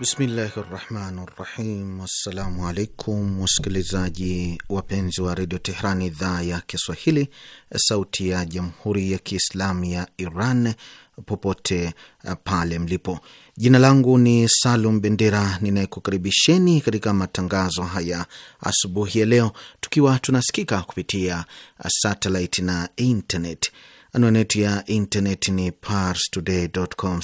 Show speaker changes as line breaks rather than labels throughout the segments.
Bismillahi rahmani rahim. Wassalamu alaikum wasikilizaji wapenzi wa redio Tehran, idhaa ya Kiswahili, sauti ya jamhuri ya kiislamu ya Iran, popote eh, pale mlipo. Jina langu ni Salum Bendera ninayekukaribisheni katika matangazo haya asubuhi ya leo, tukiwa tunasikika kupitia eh, satellite na internet. Anwani ya internet ni parstoday.com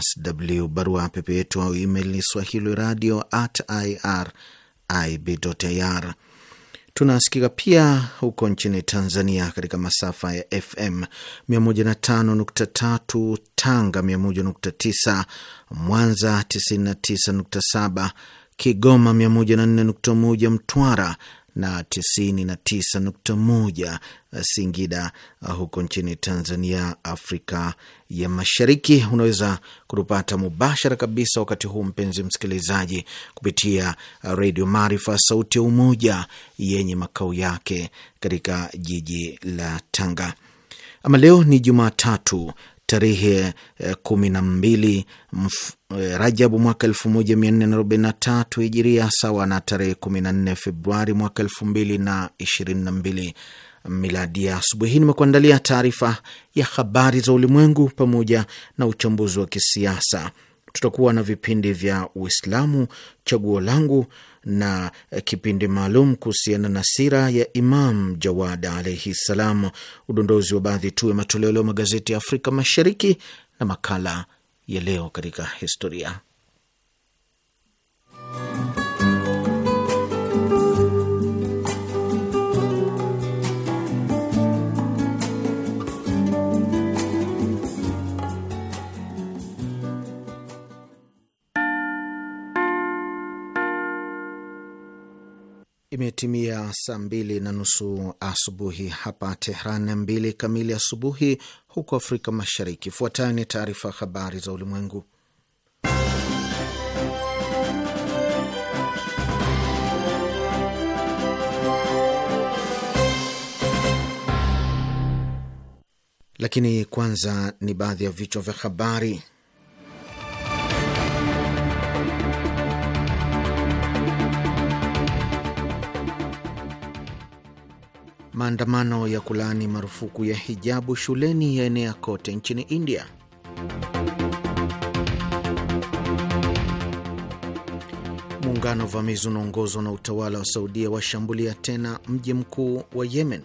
sw. Barua pepe yetu au email ni swahili radio at irib Tunasikika pia huko nchini Tanzania katika masafa ya FM 105.3 Tanga, 101.9 Mwanza, 99.7 Kigoma, 104.1 Mtwara na 99.1 eh, Singida eh, huko nchini Tanzania, Afrika ya Mashariki. Unaweza kutupata mubashara kabisa wakati huu, mpenzi msikilizaji, kupitia eh, Redio Maarifa, sauti ya Umoja, yenye makao yake katika jiji la Tanga. Ama leo ni Jumatatu tarehe eh, kumi na mbili eh, Rajabu mwaka elfu moja mia nne na arobaini na tatu hijiria sawa na tarehe kumi na nne Februari mwaka elfu mbili na ishirini na mbili miladi. Ya asubuhi hii nimekuandalia taarifa ya habari za ulimwengu pamoja na uchambuzi wa kisiasa tutakuwa na vipindi vya Uislamu, chaguo langu na kipindi maalum kuhusiana na sira ya Imam Jawad alaihi ssalam, udondozi wa baadhi tu ya matoleo leo magazeti ya Afrika Mashariki na makala ya leo katika historia. Imetimia saa mbili na nusu asubuhi hapa Tehran, mbili kamili asubuhi huko Afrika Mashariki. Fuatayo ni taarifa habari za ulimwengu, lakini kwanza ni baadhi ya vichwa vya habari. Maandamano ya kulaani marufuku ya hijabu shuleni yaenea kote nchini India. Muungano vamizi uvamizi unaongozwa na utawala wa Saudia washambulia tena mji mkuu wa Yemen.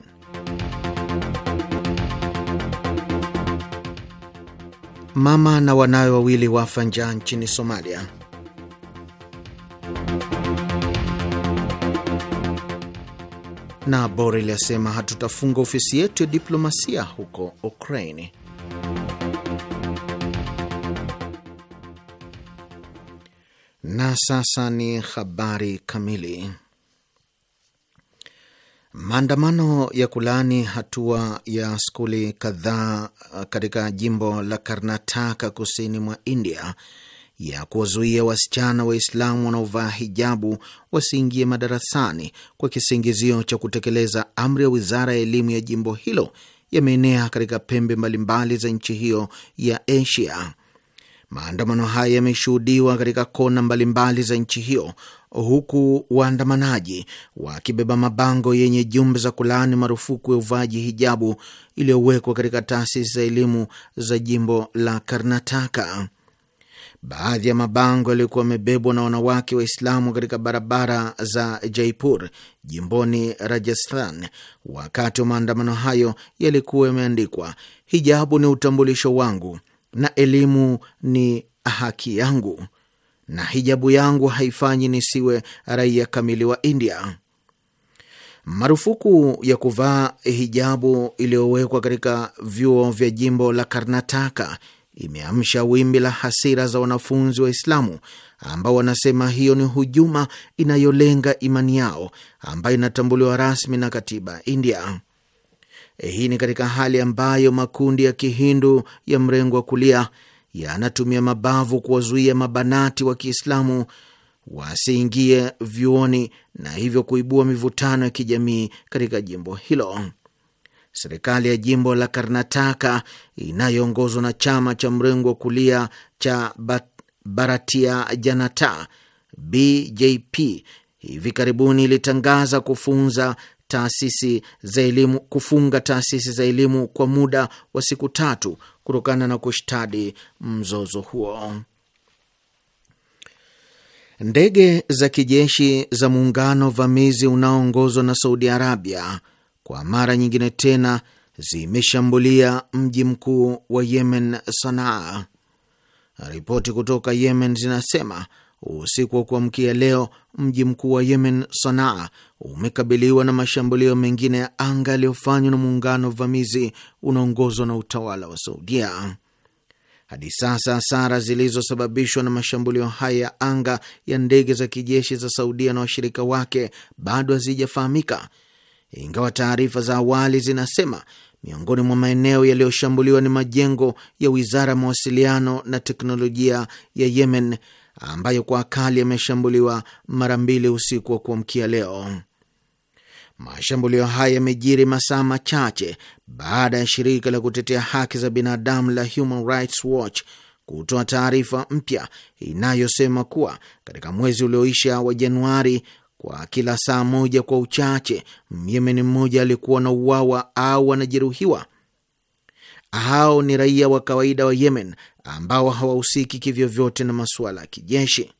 Mama na wanawe wawili wafa njaa nchini Somalia. na Borel asema hatutafunga ofisi yetu ya diplomasia huko Ukraini. Na sasa ni habari kamili. Maandamano ya kulaani hatua ya skuli kadhaa katika jimbo la Karnataka kusini mwa India ya kuwazuia wasichana Waislamu wanaovaa hijabu wasiingie madarasani kwa kisingizio cha kutekeleza amri ya wizara ya elimu ya jimbo hilo yameenea katika pembe mbalimbali za nchi hiyo ya Asia. Maandamano haya yameshuhudiwa katika kona mbalimbali za nchi hiyo, huku waandamanaji wakibeba mabango yenye jumbe za kulaani marufuku ya uvaaji hijabu iliyowekwa katika taasisi za elimu za jimbo la Karnataka. Baadhi ya mabango yaliyokuwa yamebebwa na wanawake Waislamu katika barabara za Jaipur jimboni Rajasthan wakati wa maandamano hayo yalikuwa yameandikwa, hijabu ni utambulisho wangu na elimu ni haki yangu, na hijabu yangu haifanyi nisiwe raia kamili wa India. Marufuku ya kuvaa hijabu iliyowekwa katika vyuo vya jimbo la Karnataka imeamsha wimbi la hasira za wanafunzi Waislamu ambao wanasema hiyo ni hujuma inayolenga imani yao ambayo inatambuliwa rasmi na katiba ya India. Eh, hii ni katika hali ambayo makundi ya kihindu ya mrengo wa kulia yanatumia mabavu kuwazuia mabanati wa Kiislamu wasiingie vyuoni na hivyo kuibua mivutano ya kijamii katika jimbo hilo serikali ya jimbo la Karnataka inayoongozwa na chama cha mrengo wa kulia cha Bharatiya Janata BJP hivi karibuni ilitangaza kufunza taasisi za elimu kufunga taasisi za elimu kwa muda wa siku tatu kutokana na kushtadi mzozo huo. Ndege za kijeshi za muungano vamizi unaoongozwa na Saudi Arabia kwa mara nyingine tena zimeshambulia mji mkuu wa Yemen, Sanaa. Ripoti kutoka Yemen zinasema usiku wa kuamkia leo mji mkuu wa Yemen, Sanaa, umekabiliwa na mashambulio mengine ya anga yaliyofanywa na muungano wa vamizi unaongozwa na utawala wa Saudia. Hadi sasa hasara zilizosababishwa na mashambulio haya ya anga ya ndege za kijeshi za Saudia na washirika wake bado hazijafahamika ingawa taarifa za awali zinasema miongoni mwa maeneo yaliyoshambuliwa ni majengo ya wizara ya mawasiliano na teknolojia ya Yemen ambayo kwa akali yameshambuliwa mara mbili usiku wa kuamkia leo. Mashambulio haya yamejiri masaa machache baada ya shirika la kutetea haki za binadamu la Human Rights Watch kutoa taarifa mpya inayosema kuwa katika mwezi ulioisha wa Januari kwa kila saa moja kwa uchache Myemeni mmoja alikuwa na uwawa au anajeruhiwa. Hao ni raia wa kawaida wa Yemen ambao hawahusiki kivyovyote na masuala ya kijeshi.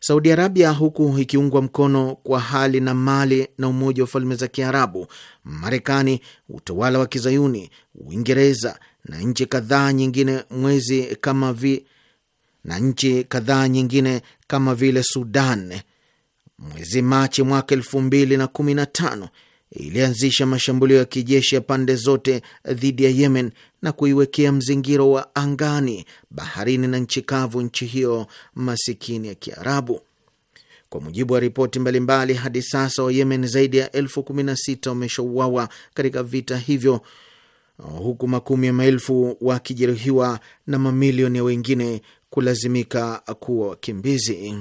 Saudi Arabia, huku ikiungwa mkono kwa hali na mali na Umoja wa Falme za Kiarabu, Marekani, utawala wa Kizayuni, Uingereza na nchi kadhaa nyingine mwezi kama vi, na nchi kadhaa nyingine kama vile Sudan, mwezi Machi mwaka elfu mbili na kumi na tano ilianzisha mashambulio ya kijeshi ya pande zote dhidi ya Yemen na kuiwekea mzingiro wa angani, baharini na nchi kavu nchi hiyo masikini ya Kiarabu. Kwa mujibu wa ripoti mbalimbali, hadi sasa Wayemen zaidi ya elfu kumi na sita wameshauawa katika vita hivyo, huku makumi ya maelfu wakijeruhiwa na mamilioni ya wengine kulazimika kuwa wakimbizi.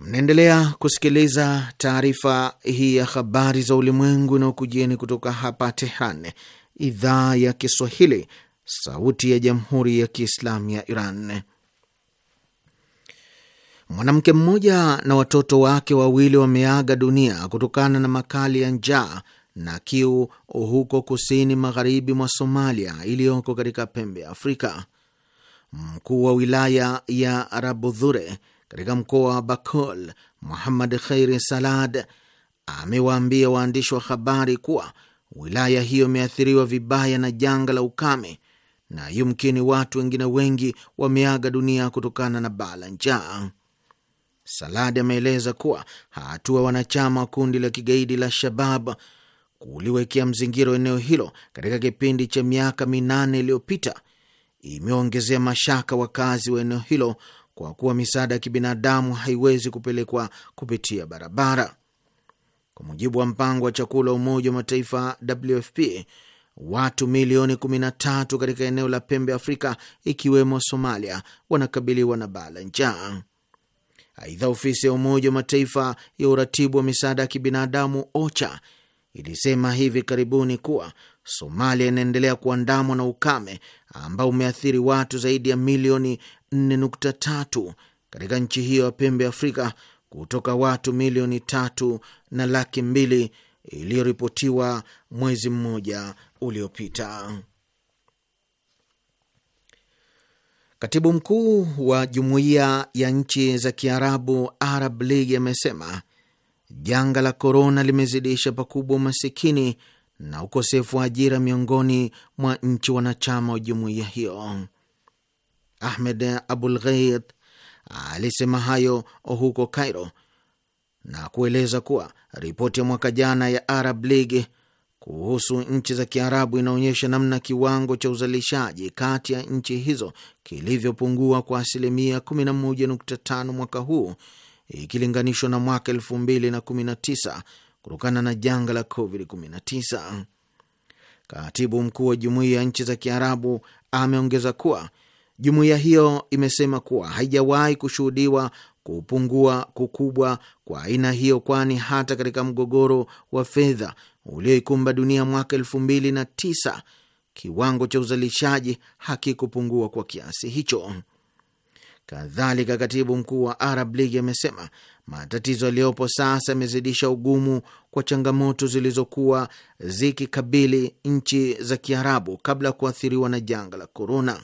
Mnaendelea kusikiliza taarifa hii ya habari za ulimwengu na ukujieni kutoka hapa Tehran, idhaa ya Kiswahili, sauti ya jamhuri ya kiislamu ya Iran. Mwanamke mmoja na watoto wake wawili wameaga dunia kutokana na makali ya njaa na kiu huko kusini magharibi mwa Somalia iliyoko katika pembe ya Afrika. Mkuu wa wilaya ya Rabudhure katika mkoa wa Bakol, Muhammad Khairi Salad amewaambia waandishi wa habari kuwa wilaya hiyo imeathiriwa vibaya na janga la ukame na yumkini watu wengine wengi wameaga dunia kutokana na baa la njaa. Saladi ameeleza kuwa hatua wanachama wa kundi la kigaidi la Shabab kuliwekea mzingiro eneo hilo katika kipindi cha miaka minane iliyopita imeongezea mashaka wakazi wa eneo hilo kwa kuwa misaada ya kibinadamu haiwezi kupelekwa kupitia barabara. Kwa mujibu wa mpango wa chakula wa Umoja wa Mataifa, WFP, watu milioni 13 katika eneo la pembe Afrika ikiwemo Somalia wanakabiliwa na baa la njaa. Aidha, ofisi ya Umoja wa Mataifa ya uratibu wa misaada ya kibinadamu OCHA ilisema hivi karibuni kuwa Somalia inaendelea kuandamwa na ukame ambao umeathiri watu zaidi ya milioni 4.3 katika nchi hiyo ya pembe Afrika kutoka watu milioni tatu na laki mbili iliyoripotiwa mwezi mmoja uliopita. Katibu mkuu wa jumuiya ya nchi za Kiarabu, Arab League, amesema janga la korona limezidisha pakubwa umasikini na ukosefu wa ajira miongoni mwa nchi wanachama wa jumuiya hiyo. Ahmed Abul Gheit alisema hayo huko Cairo na kueleza kuwa ripoti ya mwaka jana ya Arab League kuhusu nchi za Kiarabu inaonyesha namna kiwango cha uzalishaji kati ya nchi hizo kilivyopungua kwa asilimia 11.5 mwaka huu ikilinganishwa na mwaka 2019 kutokana na janga la COVID-19. Katibu mkuu wa jumuiya ya nchi za Kiarabu ameongeza kuwa Jumuiya hiyo imesema kuwa haijawahi kushuhudiwa kupungua kukubwa kwa aina hiyo, kwani hata katika mgogoro wa fedha ulioikumba dunia mwaka elfu mbili na tisa kiwango cha uzalishaji hakikupungua kwa kiasi hicho. Kadhalika, katibu mkuu wa Arab League amesema matatizo yaliyopo sasa yamezidisha ugumu kwa changamoto zilizokuwa zikikabili nchi za Kiarabu kabla ya kuathiriwa na janga la korona.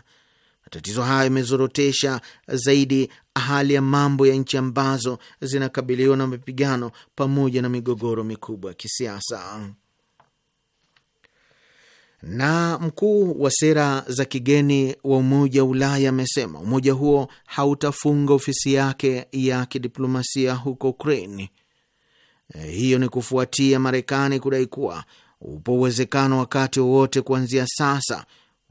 Matatizo hayo yamezorotesha zaidi hali ya mambo ya nchi ambazo zinakabiliwa na mapigano pamoja na migogoro mikubwa ya kisiasa. Na mkuu wa sera za kigeni wa Umoja wa Ulaya amesema umoja huo hautafunga ofisi yake ya kidiplomasia huko Ukraine. Hiyo ni kufuatia Marekani kudai kuwa upo uwezekano wakati wowote kuanzia sasa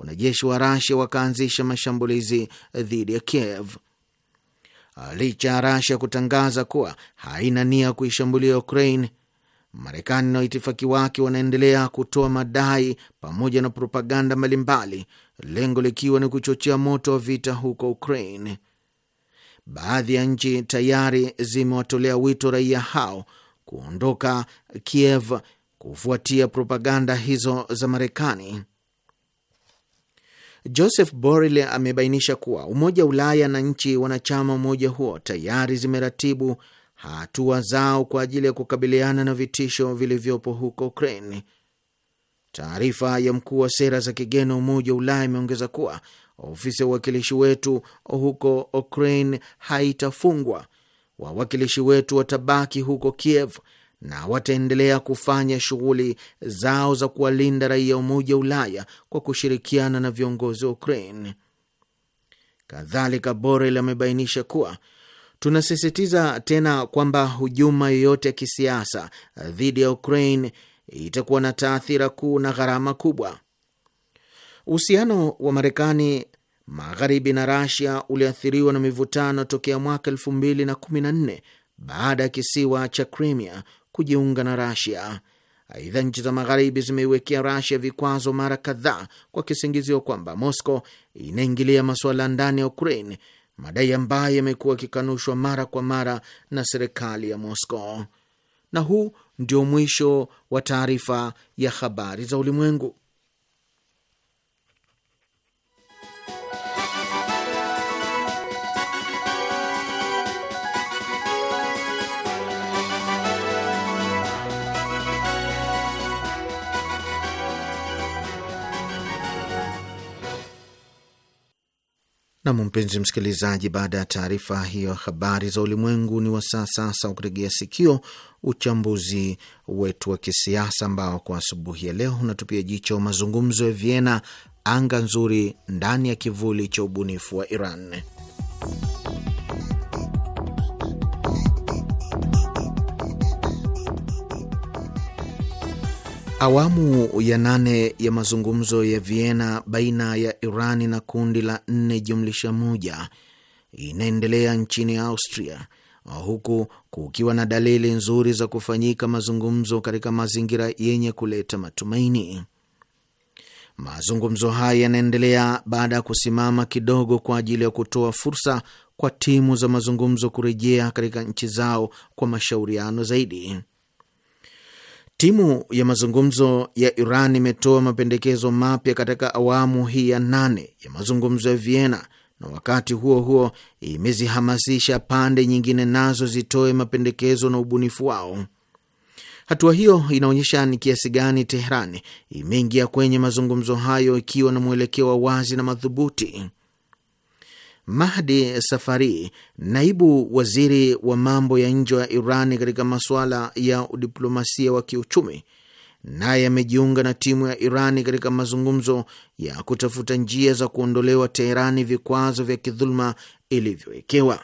wanajeshi wa Rasia wakaanzisha mashambulizi dhidi ya Kiev. Ah, licha ya Rasia kutangaza kuwa haina nia kuishambulia Ukraine, Marekani na waitifaki wake wanaendelea kutoa madai pamoja na propaganda mbalimbali, lengo likiwa ni kuchochea moto wa vita huko Ukraine. Baadhi ya nchi tayari zimewatolea wito raia hao kuondoka Kiev kufuatia propaganda hizo za Marekani. Joseph Borrell amebainisha kuwa Umoja wa Ulaya na nchi wanachama umoja huo tayari zimeratibu hatua zao kwa ajili ya kukabiliana na vitisho vilivyopo huko Ukraine. Taarifa ya mkuu wa sera za kigeni wa Umoja wa Ulaya imeongeza kuwa ofisi ya uwakilishi wetu huko Ukraine haitafungwa. Wawakilishi wetu watabaki huko Kiev na wataendelea kufanya shughuli zao za kuwalinda raia Umoja wa Ulaya kwa kushirikiana na viongozi wa Ukraine. Kadhalika, Borel amebainisha kuwa tunasisitiza tena kwamba hujuma yoyote ya kisiasa dhidi ya Ukraine itakuwa na taathira kuu na gharama kubwa. Uhusiano wa Marekani magharibi na Rasia uliathiriwa na mivutano tokea mwaka elfu mbili na kumi na nne baada ya kisiwa cha Crimea kujiunga na Rasia. Aidha, nchi za Magharibi zimeiwekea Rasia vikwazo mara kadhaa kwa kisingizio kwamba Moscow inaingilia masuala ndani ya Ukraine, madai ambayo yamekuwa yakikanushwa mara kwa mara na serikali ya Moscow. Na huu ndio mwisho wa taarifa ya habari za ulimwengu. Nam, mpenzi msikilizaji, baada ya taarifa hiyo habari za ulimwengu, ni wasaa sasa wa kutegea sikio uchambuzi wetu wa kisiasa ambao kwa asubuhi ya leo unatupia jicho mazungumzo ya Vienna, anga nzuri ndani ya kivuli cha ubunifu wa Iran. Awamu ya nane ya mazungumzo ya Vienna baina ya Irani na kundi la nne jumlisha moja inaendelea nchini Austria, huku kukiwa na dalili nzuri za kufanyika mazungumzo katika mazingira yenye kuleta matumaini. Mazungumzo haya yanaendelea baada ya kusimama kidogo kwa ajili ya kutoa fursa kwa timu za mazungumzo kurejea katika nchi zao kwa mashauriano zaidi. Timu ya mazungumzo ya Iran imetoa mapendekezo mapya katika awamu hii ya nane ya mazungumzo ya Vienna, na wakati huo huo imezihamasisha pande nyingine nazo zitoe mapendekezo na ubunifu wao. Hatua hiyo inaonyesha ni kiasi gani tehran imeingia kwenye mazungumzo hayo ikiwa na mwelekeo wa wazi na madhubuti. Mahdi Safari, naibu waziri wa mambo ya nje wa Iran katika masuala ya udiplomasia wa kiuchumi, naye amejiunga na timu ya iran katika mazungumzo ya kutafuta njia za kuondolewa Teherani vikwazo vya kidhuluma ilivyowekewa.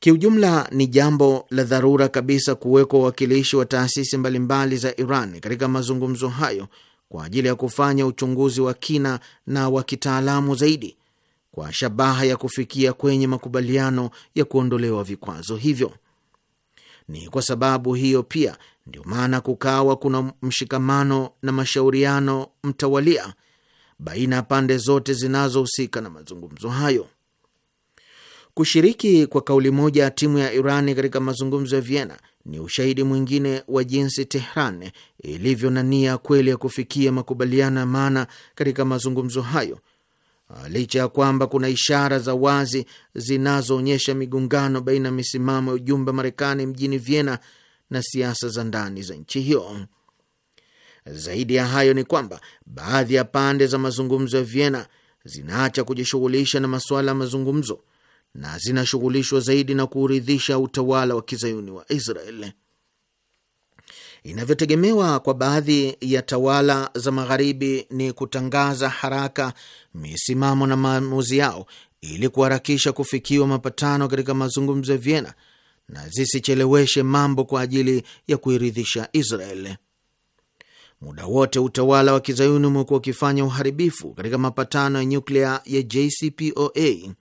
Kiujumla, ni jambo la dharura kabisa kuwekwa uwakilishi wa taasisi mbalimbali za Iran katika mazungumzo hayo kwa ajili ya kufanya uchunguzi wa kina na wa kitaalamu zaidi kwa shabaha ya kufikia kwenye makubaliano ya kuondolewa vikwazo hivyo. Ni kwa sababu hiyo pia ndio maana kukawa kuna mshikamano na mashauriano mtawalia baina ya pande zote zinazohusika na mazungumzo hayo. Kushiriki kwa kauli moja ya timu ya Irani katika mazungumzo ya Vienna ni ushahidi mwingine wa jinsi Tehran ilivyo na nia kweli ya kufikia makubaliano ya maana katika mazungumzo hayo Ah, licha ya kwamba kuna ishara za wazi zinazoonyesha migongano baina ya misimamo ya ujumbe wa Marekani mjini Vienna na siasa za ndani za nchi hiyo. Zaidi ya hayo ni kwamba baadhi ya pande za mazungumzo ya Vienna zinaacha kujishughulisha na masuala ya mazungumzo na zinashughulishwa zaidi na kuuridhisha utawala wa kizayuni wa Israeli inavyotegemewa kwa baadhi ya tawala za Magharibi ni kutangaza haraka misimamo na maamuzi yao ili kuharakisha kufikiwa mapatano katika mazungumzo ya Vienna na zisicheleweshe mambo kwa ajili ya kuiridhisha Israel. Muda wote utawala wa kizayuni umekuwa ukifanya uharibifu katika mapatano ya nyuklia ya JCPOA.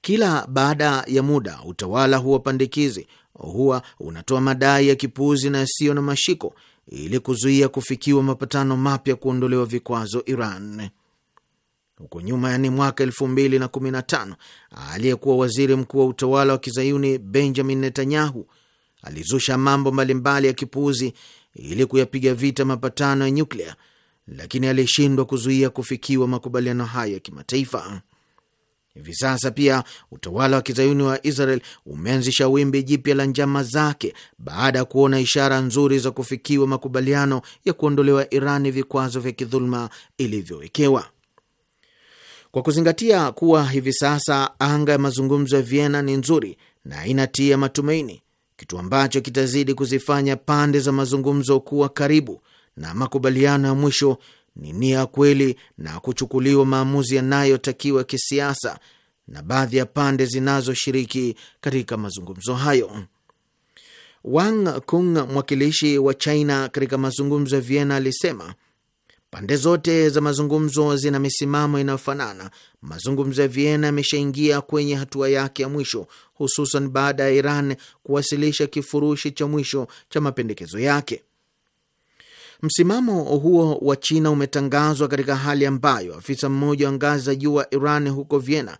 Kila baada ya muda utawala huwa pandikizi huwa unatoa madai ya kipuuzi na yasiyo na mashiko ili kuzuia kufikiwa mapatano mapya kuondolewa vikwazo Iran. Huko nyuma, yani mwaka elfu mbili na kumi na tano, aliyekuwa waziri mkuu wa utawala wa kizayuni Benjamin Netanyahu alizusha mambo mbalimbali ya kipuuzi ili kuyapiga vita mapatano ya nyuklia, lakini alishindwa kuzuia kufikiwa makubaliano hayo ya kimataifa. Hivi sasa pia utawala wa kizayuni wa Israel umeanzisha wimbi jipya la njama zake baada ya kuona ishara nzuri za kufikiwa makubaliano ya kuondolewa Irani vikwazo vya kidhuluma ilivyowekewa. Kwa kuzingatia kuwa hivi sasa anga ya mazungumzo ya Vienna ni nzuri na inatia matumaini, kitu ambacho kitazidi kuzifanya pande za mazungumzo kuwa karibu na makubaliano ya mwisho ni nia kweli na kuchukuliwa maamuzi yanayotakiwa kisiasa na baadhi ya pande zinazoshiriki katika mazungumzo hayo. Wang Kung, mwakilishi wa China katika mazungumzo ya Vienna, alisema pande zote za mazungumzo zina misimamo inayofanana. Mazungumzo ya Vienna yameshaingia kwenye hatua yake ya mwisho, hususan baada ya Iran kuwasilisha kifurushi cha mwisho cha mapendekezo yake. Msimamo huo wa China umetangazwa katika hali ambayo afisa mmoja wa ngazi za juu wa Iran huko Vienna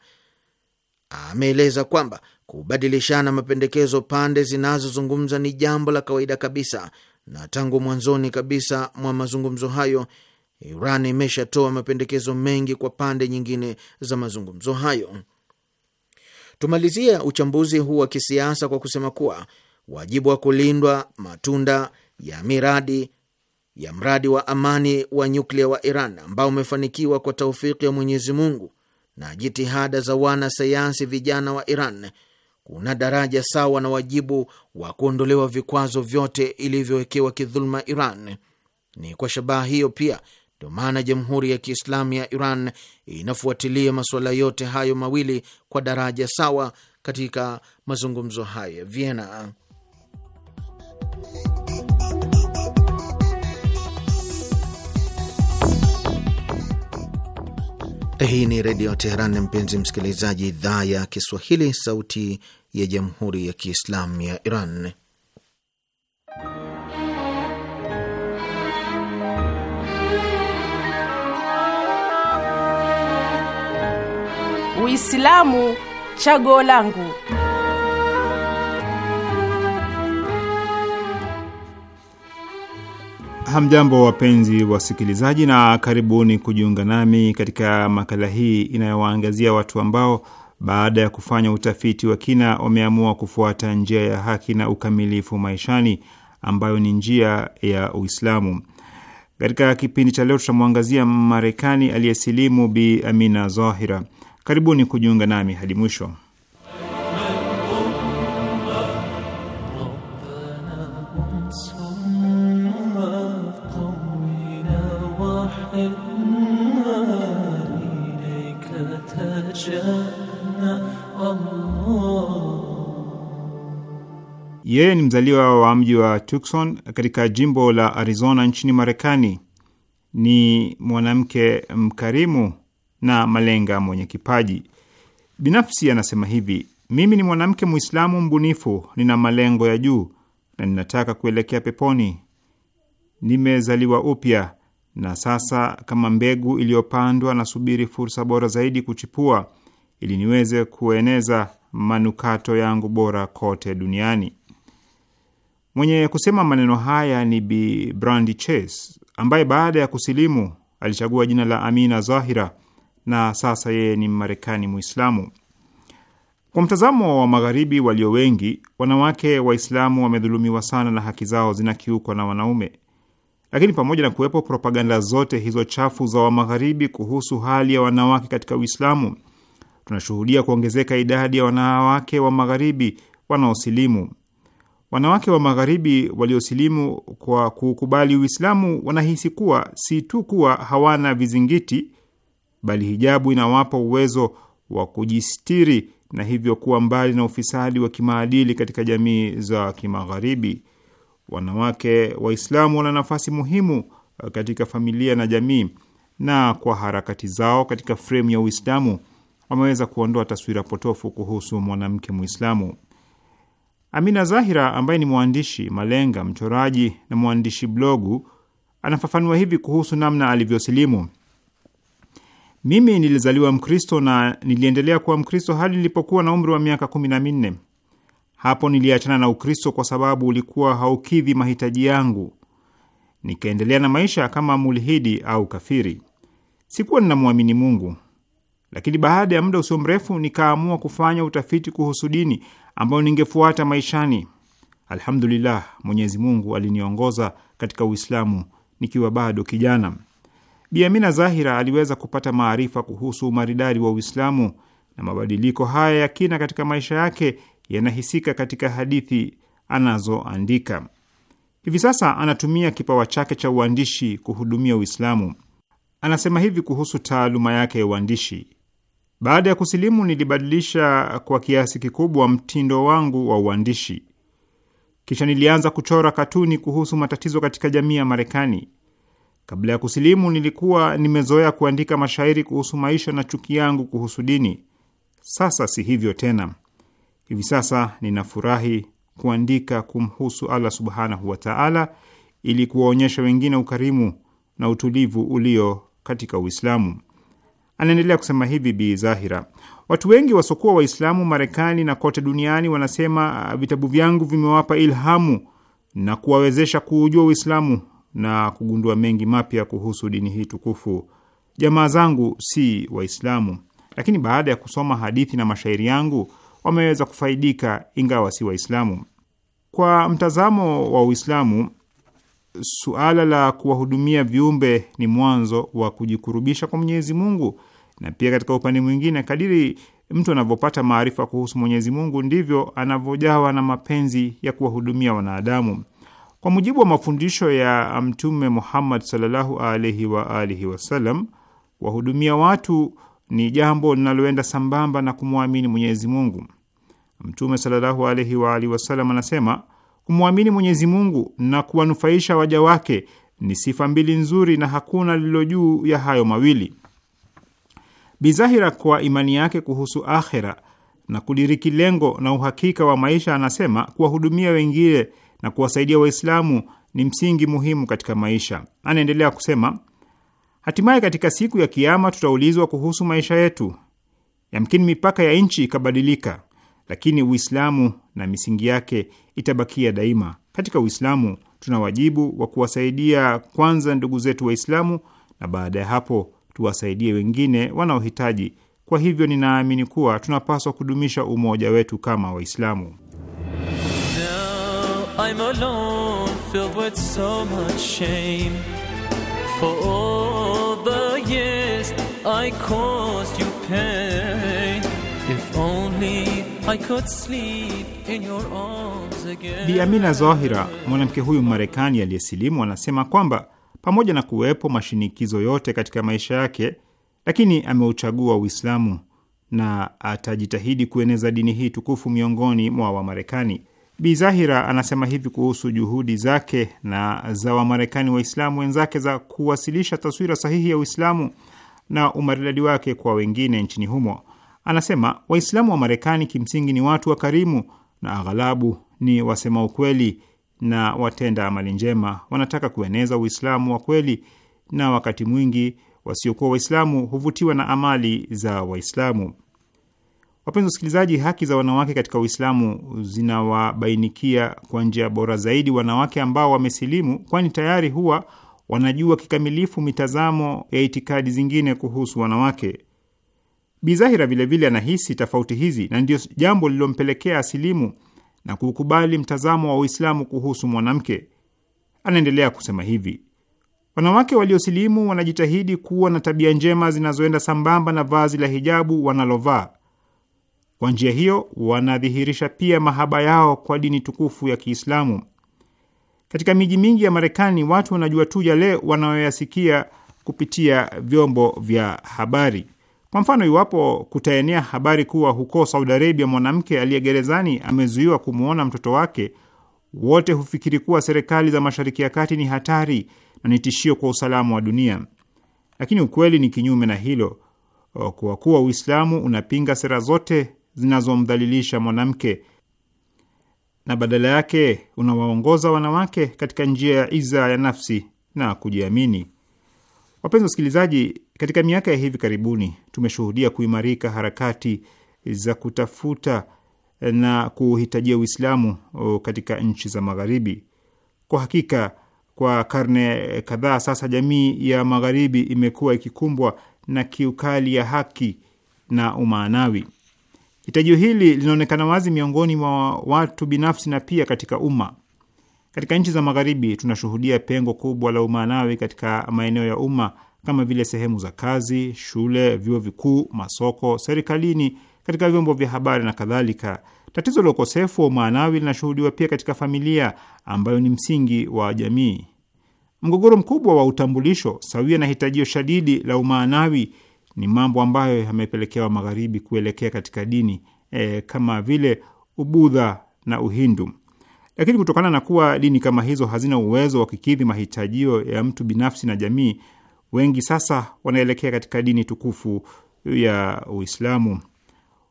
ameeleza kwamba kubadilishana mapendekezo pande zinazozungumza ni jambo la kawaida kabisa, na tangu mwanzoni kabisa mwa mazungumzo hayo Iran imeshatoa mapendekezo mengi kwa pande nyingine za mazungumzo hayo. Tumalizie uchambuzi huu wa kisiasa kwa kusema kuwa wajibu wa kulindwa matunda ya miradi ya mradi wa amani wa nyuklia wa Iran ambao umefanikiwa kwa taufiki ya Mwenyezi Mungu na jitihada za wanasayansi vijana wa Iran kuna daraja sawa na wajibu wa kuondolewa vikwazo vyote ilivyowekewa kidhuluma Iran. Ni kwa shabaha hiyo pia ndio maana Jamhuri ya Kiislamu ya Iran inafuatilia masuala yote hayo mawili kwa daraja sawa katika mazungumzo hayo ya Vienna. Hii ni Redio Teheran, mpenzi msikilizaji, idhaa ya Kiswahili, sauti ya Jamhuri ya Kiislamu ya Iran.
Uislamu chaguo langu.
Hamjambo, wapenzi wasikilizaji, na karibuni kujiunga nami katika makala hii inayowaangazia watu ambao baada ya kufanya utafiti wa kina wameamua kufuata njia ya haki na ukamilifu maishani ambayo ni njia ya Uislamu. Katika kipindi cha leo tutamwangazia Marekani aliyesilimu Bi Amina Zahira. Karibuni kujiunga nami hadi mwisho. Yeye ni mzaliwa wa mji wa Tucson katika jimbo la Arizona nchini Marekani. Ni mwanamke mkarimu na malenga mwenye kipaji. Binafsi anasema hivi: mimi ni mwanamke Mwislamu mbunifu, nina malengo ya juu na ninataka kuelekea peponi. Nimezaliwa upya na sasa kama mbegu iliyopandwa nasubiri fursa bora zaidi kuchipua ili niweze kueneza manukato yangu bora kote duniani. Mwenye kusema maneno haya ni Bi Brandi Chase ambaye baada ya kusilimu alichagua jina la Amina Zahira na sasa yeye ni Mmarekani Muislamu. Kwa mtazamo wa Magharibi walio wengi, wanawake Waislamu wamedhulumiwa sana na haki zao zinakiukwa na wanaume. Lakini pamoja na kuwepo propaganda zote hizo chafu za Wamagharibi kuhusu hali ya wanawake katika Uislamu, tunashuhudia kuongezeka idadi ya wanawake wa Magharibi wanaosilimu Wanawake wa Magharibi waliosilimu kwa kukubali Uislamu wanahisi kuwa si tu kuwa hawana vizingiti, bali hijabu inawapa uwezo wa kujistiri na hivyo kuwa mbali na ufisadi wa kimaadili katika jamii za Kimagharibi. Wanawake Waislamu wana nafasi muhimu katika familia na jamii, na kwa harakati zao katika fremu ya Uislamu wameweza kuondoa taswira potofu kuhusu mwanamke Mwislamu. Amina Zahira ambaye ni mwandishi malenga, mchoraji na mwandishi blogu, anafafanua hivi kuhusu namna alivyosilimu: mimi nilizaliwa Mkristo na niliendelea kuwa Mkristo hadi nilipokuwa na umri wa miaka kumi na minne. Hapo niliachana na Ukristo kwa sababu ulikuwa haukidhi mahitaji yangu. Nikaendelea na maisha kama mulhidi au kafiri. Sikuwa ninamwamini Mungu lakini baada ya muda usio mrefu nikaamua kufanya utafiti kuhusu dini ambayo ningefuata maishani. Alhamdulillah, Mwenyezi Mungu aliniongoza katika Uislamu nikiwa bado kijana. Bi Amina Zahira aliweza kupata maarifa kuhusu umaridadi wa Uislamu, na mabadiliko haya ya kina katika maisha yake yanahisika katika hadithi anazoandika. Hivi sasa anatumia kipawa chake cha uandishi kuhudumia Uislamu. Anasema hivi kuhusu taaluma yake ya uandishi: baada ya kusilimu, nilibadilisha kwa kiasi kikubwa mtindo wangu wa uandishi. Kisha nilianza kuchora katuni kuhusu matatizo katika jamii ya Marekani. Kabla ya kusilimu, nilikuwa nimezoea kuandika mashairi kuhusu maisha na chuki yangu kuhusu dini. Sasa si hivyo tena. Hivi sasa ninafurahi kuandika kumhusu Allah subhanahu wataala ili kuwaonyesha wengine ukarimu na utulivu ulio katika Uislamu. Anaendelea kusema hivi Bi Zahira: watu wengi wasokuwa Waislamu Marekani na kote duniani wanasema ah, vitabu vyangu vimewapa ilhamu na kuwawezesha kuujua Uislamu na kugundua mengi mapya kuhusu dini hii tukufu. Jamaa zangu si Waislamu, lakini baada ya kusoma hadithi na mashairi yangu wameweza kufaidika, ingawa si Waislamu. Kwa mtazamo wa Uislamu, suala la kuwahudumia viumbe ni mwanzo wa kujikurubisha kwa Mwenyezi Mungu, na pia katika upande mwingine, kadiri mtu anavyopata maarifa kuhusu Mwenyezi Mungu ndivyo anavyojawa na mapenzi ya kuwahudumia wanadamu. Kwa mujibu wa mafundisho ya Mtume Muhammad sallallahu alaihi wa alihi wasallam, wahudumia watu ni jambo linaloenda sambamba na kumwamini Mwenyezi Mungu. Mtume sallallahu alaihi wa alihi wasallam anasema Kumwamini Mwenyezi Mungu na kuwanufaisha waja wake ni sifa mbili nzuri na hakuna lililo juu ya hayo mawili. Bizahira kwa imani yake kuhusu akhera na kudiriki lengo na uhakika wa maisha, anasema kuwahudumia wengine na kuwasaidia Waislamu ni msingi muhimu katika maisha. Anaendelea kusema, hatimaye katika siku ya Kiama tutaulizwa kuhusu maisha yetu. Yamkini mipaka ya nchi ikabadilika, lakini Uislamu na misingi yake itabakia daima. Katika Uislamu tuna wajibu wa kuwasaidia kwanza ndugu zetu Waislamu na baada ya hapo tuwasaidie wengine wanaohitaji. Kwa hivyo, ninaamini kuwa tunapaswa kudumisha umoja wetu kama Waislamu. Bi Amina Zahira, mwanamke huyu Marekani aliyesilimu, anasema kwamba pamoja na kuwepo mashinikizo yote katika maisha yake, lakini ameuchagua Uislamu na atajitahidi kueneza dini hii tukufu miongoni mwa Wamarekani. Bi Zahira anasema hivi kuhusu juhudi zake na za Wamarekani Waislamu wenzake za kuwasilisha taswira sahihi ya Uislamu na umaridadi wake kwa wengine nchini humo. Anasema Waislamu wa Marekani kimsingi ni watu wakarimu na aghalabu ni wasema ukweli na watenda amali njema. Wanataka kueneza Uislamu wa kweli, na wakati mwingi wasiokuwa Waislamu huvutiwa na amali za Waislamu. Wapenzi wasikilizaji, haki za wanawake katika Uislamu zinawabainikia kwa njia bora zaidi wanawake ambao wamesilimu, kwani tayari huwa wanajua kikamilifu mitazamo ya itikadi zingine kuhusu wanawake. Bizahira vilevile anahisi tofauti hizi na ndiyo jambo lililompelekea asilimu na kuukubali mtazamo wa Uislamu kuhusu mwanamke. Anaendelea kusema hivi: wanawake waliosilimu wanajitahidi kuwa na tabia njema zinazoenda sambamba na vazi la hijabu wanalovaa. Kwa njia hiyo wanadhihirisha pia mahaba yao kwa dini tukufu ya Kiislamu. Katika miji mingi ya Marekani watu wanajua tu yale wanayoyasikia kupitia vyombo vya habari. Kwa mfano, iwapo kutaenea habari kuwa huko Saudi Arabia mwanamke aliye gerezani amezuiwa kumwona mtoto wake, wote hufikiri kuwa serikali za Mashariki ya Kati ni hatari na ni tishio kwa usalama wa dunia, lakini ukweli ni kinyume na hilo, kwa kuwa Uislamu unapinga sera zote zinazomdhalilisha mwanamke na badala yake unawaongoza wanawake katika njia ya iza ya nafsi na kujiamini. Wapenzi wasikilizaji, katika miaka ya hivi karibuni tumeshuhudia kuimarika harakati za kutafuta na kuhitajia Uislamu katika nchi za Magharibi. Kwa hakika, kwa karne kadhaa sasa, jamii ya Magharibi imekuwa ikikumbwa na kiukali ya haki na umaanawi. Hitajio hili linaonekana wazi miongoni mwa watu binafsi na pia katika umma. Katika nchi za Magharibi tunashuhudia pengo kubwa la umaanawi katika maeneo ya umma kama vile sehemu za kazi, shule, vyuo vikuu, masoko, serikalini, katika vyombo vya habari na kadhalika. Tatizo la ukosefu wa umaanawi linashuhudiwa pia katika familia ambayo ni msingi wa jamii. Mgogoro mkubwa wa utambulisho sawia na hitajio shadidi la umaanawi ni mambo ambayo yamepelekewa Magharibi kuelekea katika dini e, kama vile Ubudha na Uhindu. Lakini kutokana na kuwa dini kama hizo hazina uwezo wa kikidhi mahitajio ya mtu binafsi na jamii, wengi sasa wanaelekea katika dini tukufu ya Uislamu.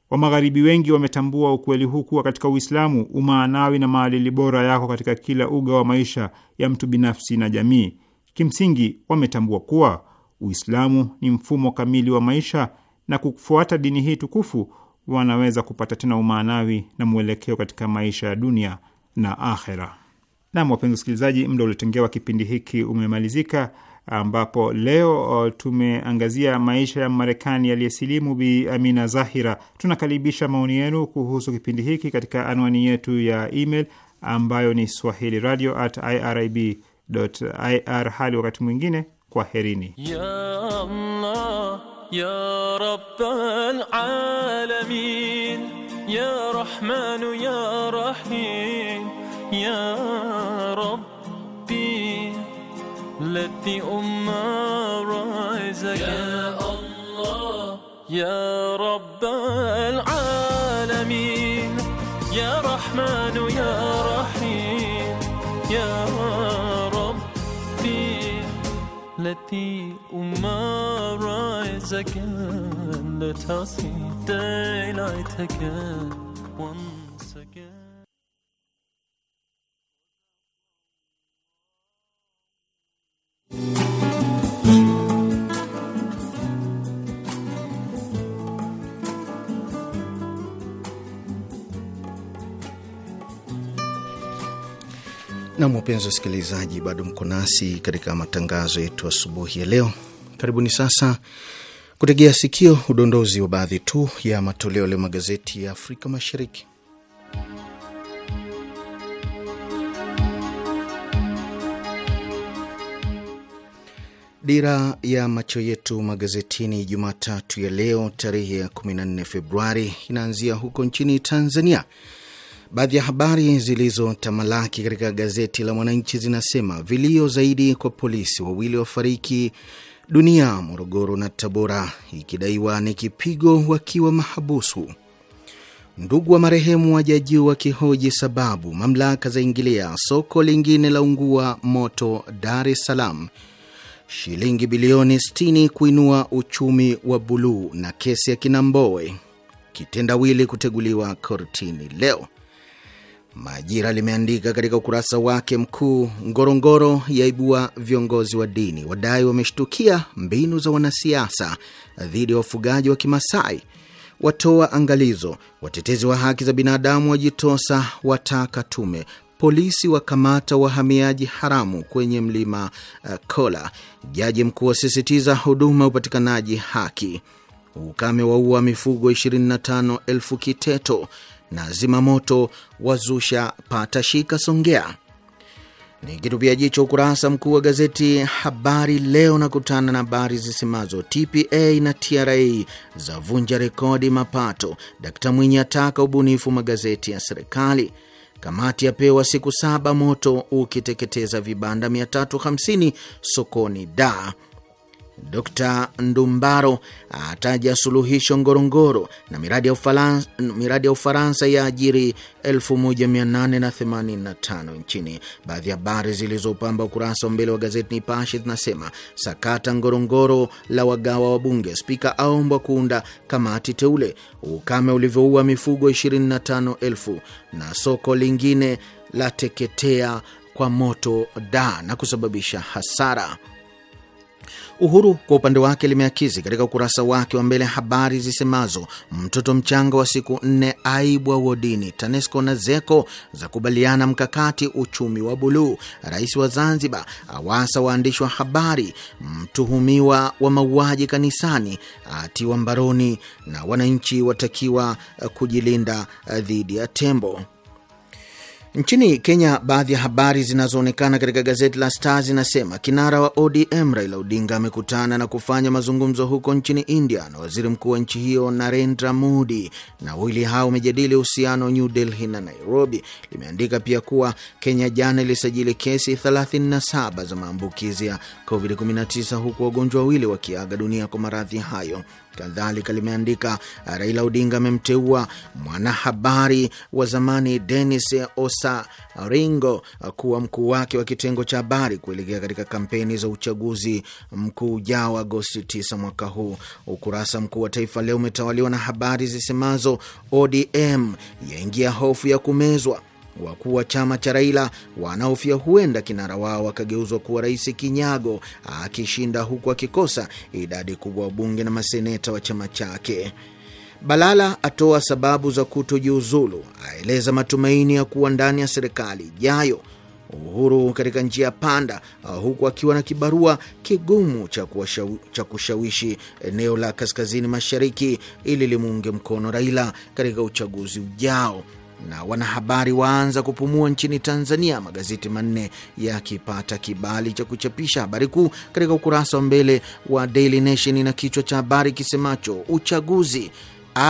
Wamagharibi wengi wametambua ukweli huu kuwa katika Uislamu umaanawi na maadili bora yako katika kila uga wa maisha ya mtu binafsi na jamii. Kimsingi, wametambua kuwa Uislamu ni mfumo kamili wa maisha na kufuata dini hii tukufu wanaweza kupata tena umaanawi na mwelekeo katika maisha ya dunia na akhera. Nam, wapenzi wasikilizaji, muda uliotengewa kipindi hiki umemalizika ambapo leo uh, tumeangazia maisha ya Marekani aliyesilimu Bi Amina Zahira. Tunakaribisha maoni yenu kuhusu kipindi hiki katika anwani yetu ya email ambayo ni swahili radio at irib ir. Hali wakati mwingine, kwaherini
ya Allah, ya Rabbal alamin, ya Rahmanu, ya Rahim, ya التي أمها رزق يا الله يا رب العالمين يا رحمن يا رحيم يا ربي التي أمها رزق لا تعصي دلعتك والله
Nam, wapenzi wasikilizaji, bado mko nasi katika matangazo yetu asubuhi ya leo. Karibuni sasa kutegea sikio udondozi wa baadhi tu ya matoleo leo magazeti ya Afrika Mashariki. Dira ya macho yetu magazetini Jumatatu ya leo tarehe ya 14 Februari inaanzia huko nchini Tanzania. Baadhi ya habari zilizotamalaki katika gazeti la Mwananchi zinasema vilio zaidi kwa polisi wawili wafariki dunia Morogoro na Tabora, ikidaiwa ni kipigo wakiwa mahabusu. Ndugu wa marehemu wajajiwa wakihoji sababu mamlaka zaingilia. Soko lingine la ungua moto Dar es Salaam shilingi bilioni 60 kuinua uchumi wa buluu na kesi ya kinamboe kitenda kitendawili kuteguliwa kortini leo. Majira limeandika katika ukurasa wake mkuu, Ngorongoro yaibua viongozi wa dini wadai wameshtukia mbinu za wanasiasa dhidi ya wafugaji wa Kimasai, watoa angalizo, watetezi wa haki za binadamu wajitosa, wataka tume polisi wakamata wahamiaji haramu kwenye mlima uh, Kola. Jaji mkuu asisitiza huduma upatikanaji haki. Ukame waua mifugo 25,000 Kiteto na zimamoto wazusha patashika Songea. ni kitupia jicho ukurasa mkuu wa gazeti Habari Leo nakutana na habari zisemazo TPA na TRA zavunja rekodi mapato. Dkt Mwinyi ataka ubunifu magazeti ya serikali. Kamati yapewa siku saba, moto ukiteketeza vibanda 350 sokoni da Dr Ndumbaro ataja suluhisho Ngorongoro na miradi ya Ufaransa, miradi ya Ufaransa ya ajiri 1885 nchini. Baadhi ya habari zilizopamba ukurasa wa mbele wa gazeti Nipashe zinasema sakata Ngorongoro la wagawa wa bunge, spika aombwa kuunda kamati teule, ukame ulivyoua mifugo 25,000 na soko lingine la teketea kwa moto da na kusababisha hasara Uhuru kwa upande wake limeakisi katika ukurasa wake wa mbele habari zisemazo mtoto mchanga wa siku nne aibwa wodini, TANESCO na ZECO za kubaliana mkakati uchumi wa buluu, rais wa Zanzibar awasa waandishi wa habari, mtuhumiwa wa mauaji kanisani atiwa mbaroni, na wananchi watakiwa kujilinda dhidi ya tembo. Nchini Kenya, baadhi ya habari zinazoonekana katika gazeti la Star zinasema kinara wa ODM Raila Odinga amekutana na kufanya mazungumzo huko nchini India na waziri mkuu wa nchi hiyo Narendra Modi, na wawili hao wamejadili uhusiano New Delhi na Nairobi. Limeandika pia kuwa Kenya jana ilisajili kesi 37 za maambukizi ya COVID-19 huku wagonjwa wawili wakiaga dunia kwa maradhi hayo. Kadhalika limeandika Raila Odinga amemteua mwanahabari wa zamani Denis Osaringo kuwa mkuu wake wa kitengo cha habari kuelekea katika kampeni za uchaguzi mkuu ujao Agosti 9 mwaka huu. Ukurasa mkuu wa Taifa Leo umetawaliwa na habari zisemazo ODM yaingia hofu ya kumezwa wakuu wa chama cha Raila wanaofia huenda kinara wao akageuzwa kuwa rais kinyago akishinda huku akikosa idadi kubwa wa bunge na maseneta wa chama chake. Balala atoa sababu za kutojiuzulu, aeleza matumaini ya kuwa ndani ya serikali ijayo Uhuru katika njia panda, huku akiwa na kibarua kigumu cha, cha kushawishi eneo la kaskazini mashariki ili limuunge mkono Raila katika uchaguzi ujao na wanahabari waanza kupumua nchini Tanzania, magazeti manne yakipata kibali cha kuchapisha habari kuu katika ukurasa wa mbele wa Daily Nation na kichwa cha habari kisemacho uchaguzi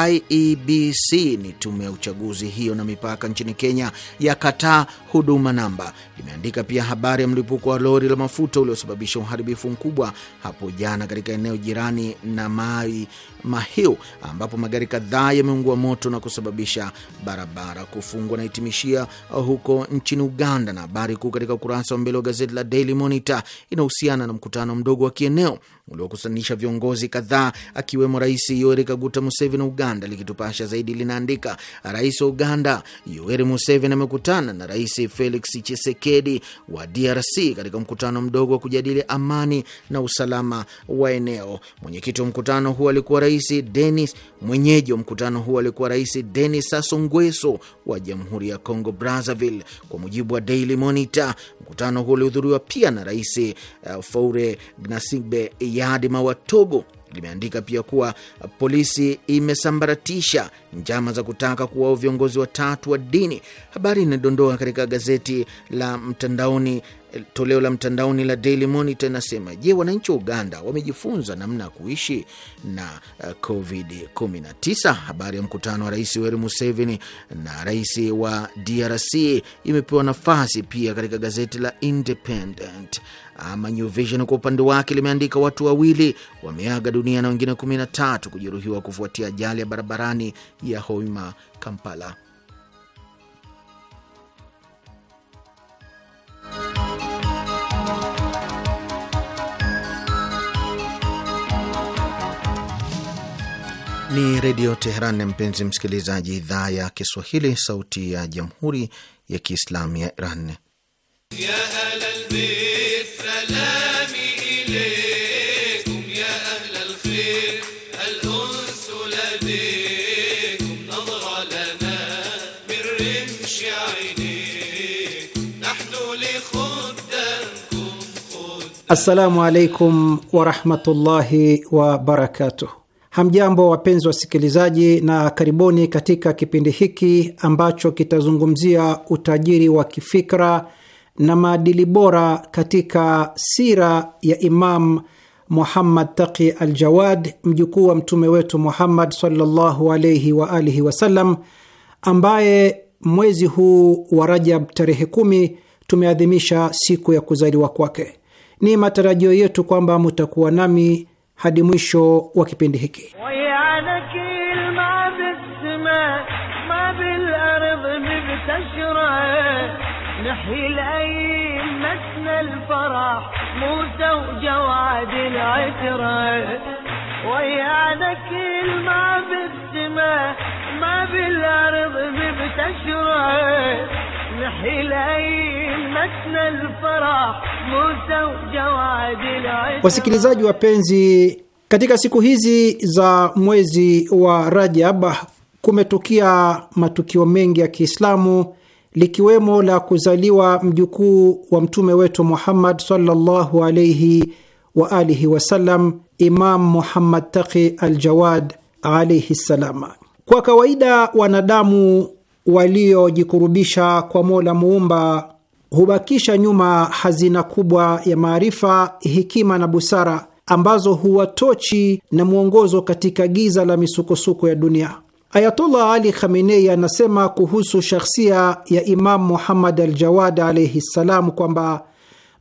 IEBC ni tume ya uchaguzi hiyo na mipaka nchini Kenya ya kataa huduma namba. Limeandika pia habari ya mlipuko wa lori la mafuta uliosababisha uharibifu mkubwa hapo jana katika eneo jirani na Mai Mahiu, ambapo magari kadhaa yameungua moto na kusababisha barabara kufungwa. Na huko nchini Uganda, na habari kuu katika ukurasa wa mbele wa gazeti la Daily Monitor inahusiana na mkutano mdogo wa kieneo uliokusanisha viongozi kadhaa akiwemo Rais Yoweri Kaguta Museveni Uganda likitupasha zaidi linaandika, rais wa Uganda Yoweri Museveni amekutana na rais Felix Tshisekedi wa DRC katika mkutano mdogo wa kujadili amani na usalama wa eneo. Mwenyekiti wa mkutano huo alikuwa rais Denis, mwenyeji wa mkutano huo alikuwa rais Denis Sassou Nguesso wa Jamhuri ya congo Brazzaville, kwa mujibu wa Daily Monitor. Mkutano huo ulihudhuriwa pia na rais uh, Faure Gnassingbe Yadima wa Togo limeandika pia kuwa polisi imesambaratisha njama za kutaka kuwaua viongozi watatu wa dini. Habari inadondoa katika gazeti la mtandaoni toleo la mtandaoni la Daily Monitor inasema, je, wananchi wa Uganda wamejifunza namna ya kuishi na eh, COVID-19? Habari ya mkutano wa Rais Yoweri Museveni na rais wa DRC imepewa nafasi pia katika gazeti la Independent. Ama New Vision kwa upande wake limeandika watu wawili wameaga dunia na wengine 13 kujeruhiwa kufuatia ajali ya barabarani ya Hoima, Kampala. Ni Redio Teheran, mpenzi msikilizaji, idhaa ya Kiswahili, sauti ya Jamhuri ya Kiislamu ya Iran ya
Assalamu alaikum warahmatullahi wabarakatuh. Hamjambo wapenzi wasikilizaji, na karibuni katika kipindi hiki ambacho kitazungumzia utajiri wa kifikra na maadili bora katika sira ya Imam Muhammad Taqi al-Jawad, mjukuu wa mtume wetu Muhammad sallallahu alaihi wa alihi wasallam, ambaye mwezi huu wa Rajab tarehe kumi tumeadhimisha siku ya kuzaliwa kwake. Ni matarajio yetu kwamba mutakuwa nami hadi mwisho wa kipindi hiki. Wasikilizaji wapenzi, katika siku hizi za mwezi wa Rajab kumetukia matukio mengi ya Kiislamu likiwemo la kuzaliwa mjukuu wa mtume wetu Muhammad sallallahu alaihi wa alihi wasallam, Imam Muhammad Taqi al Jawad alaihi ssalam. Kwa kawaida wanadamu waliojikurubisha kwa Mola Muumba hubakisha nyuma hazina kubwa ya maarifa, hekima na busara ambazo huwatochi na mwongozo katika giza la misukosuko ya dunia. Ayatollah Ali Khamenei anasema kuhusu shakhsia ya Imamu Muhammad al Jawad alaihi ssalam kwamba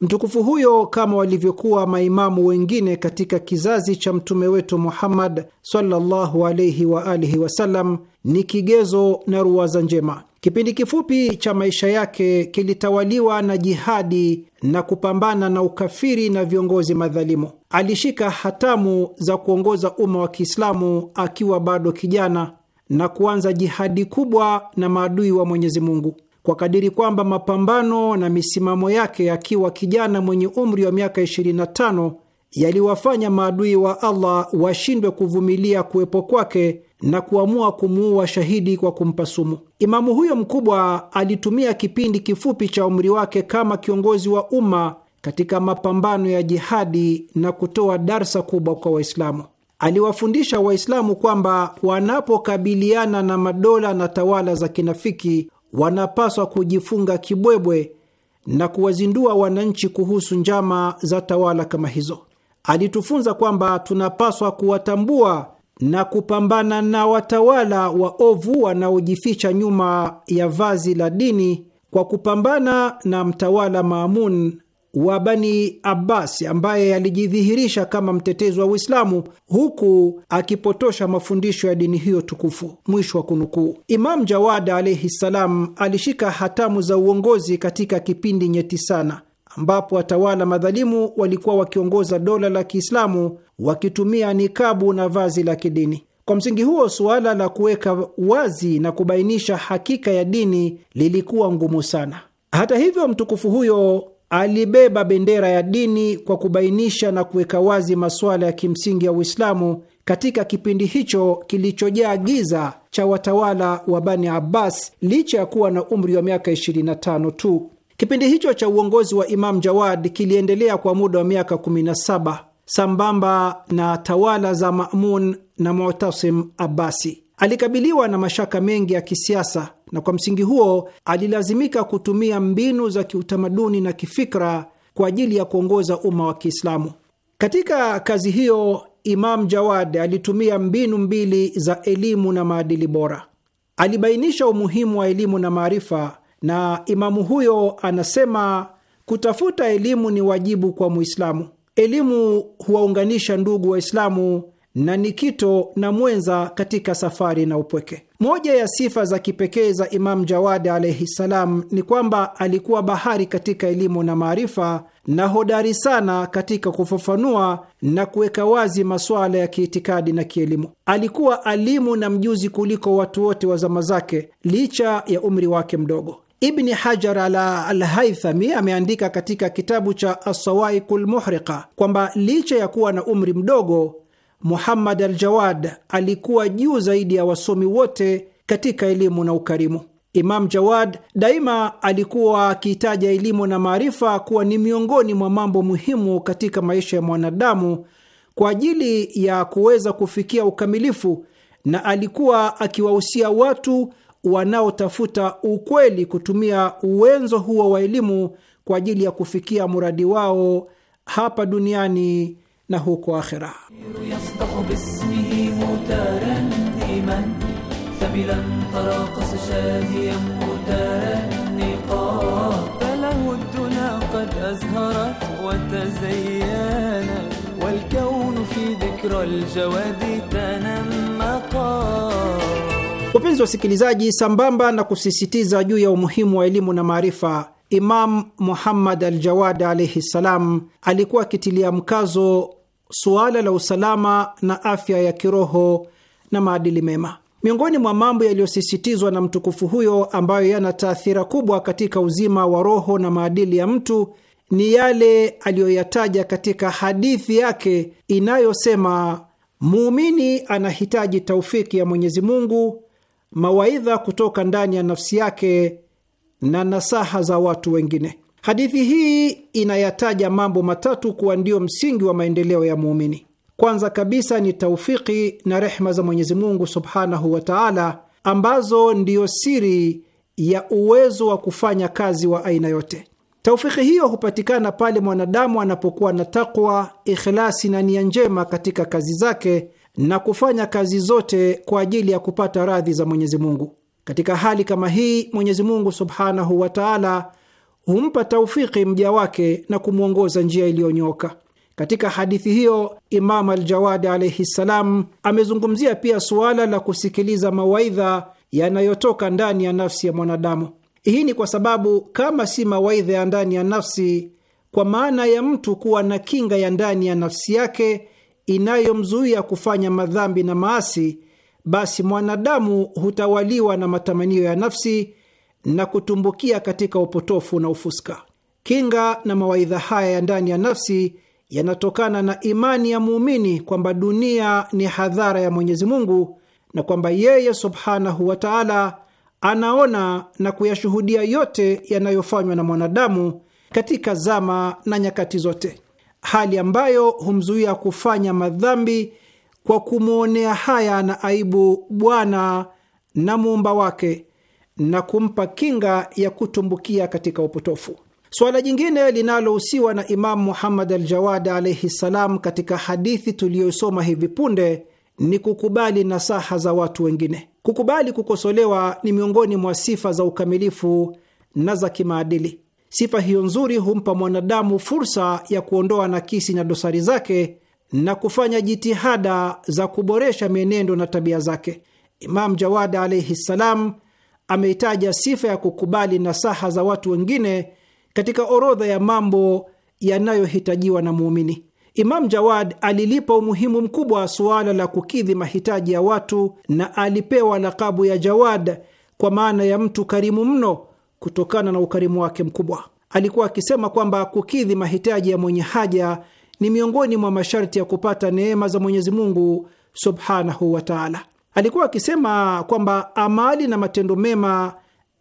Mtukufu huyo kama walivyokuwa maimamu wengine katika kizazi cha mtume wetu Muhammad sallallahu alaihi wa alihi wasallam ni kigezo na ruwaza njema. Kipindi kifupi cha maisha yake kilitawaliwa na jihadi na kupambana na ukafiri na viongozi madhalimu. Alishika hatamu za kuongoza umma wa Kiislamu akiwa bado kijana na kuanza jihadi kubwa na maadui wa Mwenyezi Mungu kwa kadiri kwamba mapambano na misimamo yake akiwa kijana mwenye umri wa miaka 25 yaliwafanya maadui wa Allah washindwe kuvumilia kuwepo kwake na kuamua kumuua shahidi kwa kumpa sumu. Imamu huyo mkubwa alitumia kipindi kifupi cha umri wake kama kiongozi wa umma katika mapambano ya jihadi na kutoa darsa kubwa kwa Waislamu. Aliwafundisha Waislamu kwamba wanapokabiliana na madola na tawala za kinafiki wanapaswa kujifunga kibwebwe na kuwazindua wananchi kuhusu njama za tawala kama hizo. Alitufunza kwamba tunapaswa kuwatambua na kupambana na watawala waovu wanaojificha nyuma ya vazi la dini kwa kupambana na mtawala Maamun wa Bani Abbas ambaye alijidhihirisha kama mtetezi wa Uislamu huku akipotosha mafundisho ya dini hiyo tukufu. Mwisho wa kunukuu. Imam Jawad alaihi ssalam alishika hatamu za uongozi katika kipindi nyeti sana ambapo watawala madhalimu walikuwa wakiongoza dola la Kiislamu wakitumia nikabu na vazi la kidini. Kwa msingi huo, suala la kuweka wazi na kubainisha hakika ya dini lilikuwa ngumu sana. Hata hivyo, mtukufu huyo alibeba bendera ya dini kwa kubainisha na kuweka wazi masuala ya kimsingi ya Uislamu katika kipindi hicho kilichojaa giza cha watawala wa Bani Abbas licha ya kuwa na umri wa miaka 25 tu. Kipindi hicho cha uongozi wa Imam Jawad kiliendelea kwa muda wa miaka 17 sambamba na tawala za Mamun na Mutasim Abbasi. Alikabiliwa na mashaka mengi ya kisiasa na kwa msingi huo alilazimika kutumia mbinu za kiutamaduni na kifikra kwa ajili ya kuongoza umma wa Kiislamu. Katika kazi hiyo, Imam Jawad alitumia mbinu mbili za elimu na maadili bora. Alibainisha umuhimu wa elimu na maarifa, na imamu huyo anasema kutafuta elimu ni wajibu kwa Muislamu. Elimu huwaunganisha ndugu Waislamu na nikito na mwenza katika safari na upweke. Moja ya sifa za kipekee za Imamu Jawadi alaihi ssalam ni kwamba alikuwa bahari katika elimu na maarifa na hodari sana katika kufafanua na kuweka wazi masuala ya kiitikadi na kielimu. Alikuwa alimu na mjuzi kuliko watu wote wa zama zake, licha ya umri wake mdogo. Ibni Hajar al alhaythami ameandika katika kitabu cha Assawaiku lmuhriqa kwamba licha ya kuwa na umri mdogo Muhammad al-Jawad alikuwa juu zaidi ya wasomi wote katika elimu na ukarimu. Imam Jawad daima alikuwa akiitaja elimu na maarifa kuwa ni miongoni mwa mambo muhimu katika maisha ya mwanadamu kwa ajili ya kuweza kufikia ukamilifu, na alikuwa akiwahusia watu wanaotafuta ukweli kutumia uwenzo huo wa elimu kwa ajili ya kufikia mradi wao hapa duniani na huko akhera. Wapenzi wasikilizaji, sambamba na kusisitiza juu ya umuhimu wa elimu na maarifa Imam Muhammad Al Jawad alaihi ssalam alikuwa akitilia mkazo suala la usalama na afya ya kiroho na maadili mema. Miongoni mwa mambo yaliyosisitizwa na mtukufu huyo ambayo yana taathira kubwa katika uzima wa roho na maadili ya mtu ni yale aliyoyataja katika hadithi yake inayosema, muumini anahitaji taufiki ya Mwenyezi Mungu, mawaidha kutoka ndani ya nafsi yake na nasaha za watu wengine. Hadithi hii inayataja mambo matatu kuwa ndio msingi wa maendeleo ya muumini. Kwanza kabisa ni taufiki na rehma za Mwenyezi Mungu subhanahu wa taala, ambazo ndiyo siri ya uwezo wa kufanya kazi wa aina yote. Taufiki hiyo hupatikana pale mwanadamu anapokuwa na takwa, ikhlasi na nia njema katika kazi zake na kufanya kazi zote kwa ajili ya kupata radhi za Mwenyezi Mungu. Katika hali kama hii, Mwenyezi Mungu subhanahu wa taala humpa taufiki mja wake na kumwongoza njia iliyonyoka. Katika hadithi hiyo, Imamu Aljawadi alaihi ssalam amezungumzia pia suala la kusikiliza mawaidha yanayotoka ndani ya nafsi ya mwanadamu. Hii ni kwa sababu kama si mawaidha ya ndani ya nafsi, kwa maana ya mtu kuwa na kinga ya ndani ya nafsi yake inayomzuia kufanya madhambi na maasi, basi mwanadamu hutawaliwa na matamanio ya nafsi na kutumbukia katika upotofu na ufuska. Kinga na mawaidha haya ya ndani ya nafsi yanatokana na imani ya muumini kwamba dunia ni hadhara ya Mwenyezi Mungu na kwamba yeye subhanahu wa taala anaona na kuyashuhudia yote yanayofanywa na mwanadamu katika zama na nyakati zote, hali ambayo humzuia kufanya madhambi kwa kumwonea haya na aibu Bwana na muumba wake na kumpa kinga ya kutumbukia katika upotofu. Suala jingine linalohusiwa na Imamu Muhammad al-Jawad alaihi ssalam katika hadithi tuliyosoma hivi punde ni kukubali nasaha za watu wengine. Kukubali kukosolewa ni miongoni mwa sifa za ukamilifu na za kimaadili. Sifa hiyo nzuri humpa mwanadamu fursa ya kuondoa nakisi na dosari zake na kufanya jitihada za kuboresha mienendo na tabia zake. Imam Jawad alaihi ssalam ameitaja sifa ya kukubali nasaha za watu wengine katika orodha ya mambo yanayohitajiwa na muumini. Imam Jawad alilipa umuhimu mkubwa wa suala la kukidhi mahitaji ya watu na alipewa lakabu ya Jawad kwa maana ya mtu karimu mno kutokana na ukarimu wake mkubwa. Alikuwa akisema kwamba kukidhi mahitaji ya mwenye haja ni miongoni mwa masharti ya kupata neema za Mwenyezi Mungu subhanahu wa taala. Alikuwa akisema kwamba amali na matendo mema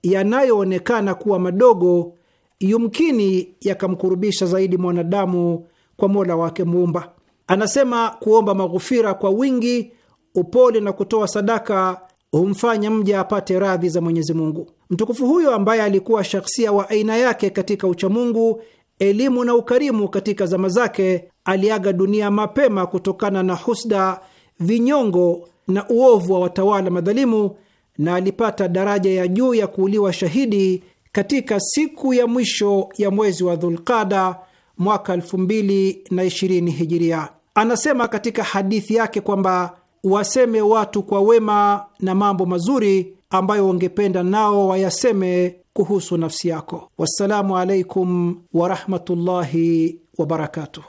yanayoonekana kuwa madogo yumkini yakamkurubisha zaidi mwanadamu kwa Mola wake Muumba. Anasema kuomba maghufira kwa wingi, upole na kutoa sadaka humfanya mja apate radhi za Mwenyezi Mungu. Mtukufu huyo ambaye alikuwa shakhsia wa aina yake katika uchamungu, elimu na ukarimu katika zama zake, aliaga dunia mapema kutokana na husda, vinyongo na uovu wa watawala madhalimu, na alipata daraja ya juu ya kuuliwa shahidi katika siku ya mwisho ya mwezi wa Dhulqada mwaka 2020 Hijiria. Anasema katika hadithi yake kwamba waseme watu kwa wema na mambo mazuri ambayo wangependa nao wayaseme kuhusu nafsi yako. Wassalamu alaikum warahmatullahi wabarakatuh.